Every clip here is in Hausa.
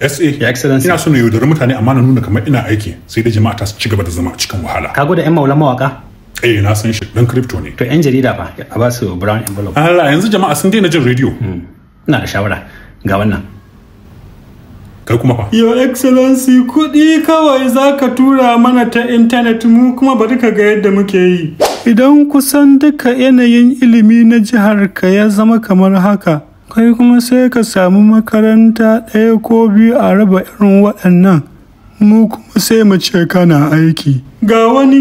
SA ya excellence ina so na yaudari mutane amma na nuna kamar ina aiki sai da jama'a ta su ci gaba da zama a cikin wahala ka da yan maulan mawaka eh na san shi dan crypto ne to yan jarida fa a ba su brown envelope Allah yanzu jama'a sun daina jin radio hmm. ina da shawara ga wannan kai kuma fa your excellency kuɗi kawai zaka tura mana ta intanet mu kuma bari ka ga yadda muke yi idan kusan duka yanayin ilimi na jihar ka ya zama kamar haka kai kuma sai ka samu makaranta ɗaya ko biyu a raba irin waɗannan mu kuma sai mu ce kana aiki ga wani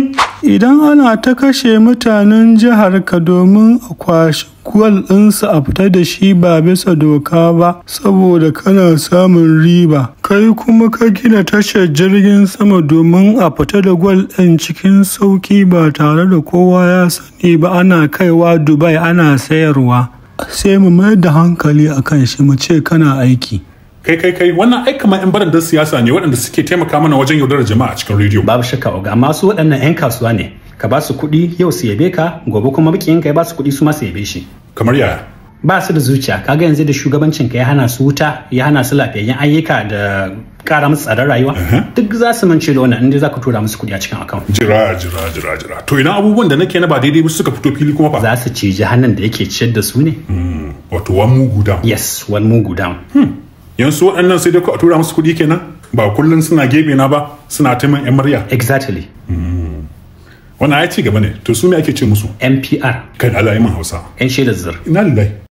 idan ana ta kashe mutanen jihar ka domin a kwashe gwal ɗinsu a fita da shi ba bisa doka ba saboda kana samun riba kai kuma ka gina tashar jirgin sama domin a fita da gwal ɗin cikin sauki ba tare da kowa ya sani ba ana kaiwa dubai ana sayarwa sai mu mayar da hankali a kan shi mu ce kana aiki kai kai kai wannan ai kamar yan barandar siyasa ne waɗanda suke taimaka mana wajen yaudarar jama'a a cikin rediyo babu shakka ga masu su waɗannan yan kasuwa ne ka ba su kuɗi yau su yabe ka gobe kuma bikin ka ya ba su kuɗi su ma su yabe shi kamar yaya ba su da zuciya kaga yanzu da shugabancin ka ya hana su wuta ya hana su lafiyayyen ayyuka da kara musu tsaron rayuwa uh-huh. duk za su mance da wannan inda za ka tura musu kuɗi a cikin akawun. jira jira jira jira to ina abubuwan da nake na ba daidai ba suka fito fili kuma ba za su ci hannun da yake ciyar da su ne hmm, wato one mugu down yes one mugu down hmm. yanzu waɗannan sai dai ku a tura musu kuɗi kenan ba kullum suna gebe na ba suna taimakon yan murya exactly hmm. wannan ya ci gaba ne to su ne ake ce musu npr kan alayimin hausa yan shaidar zar ina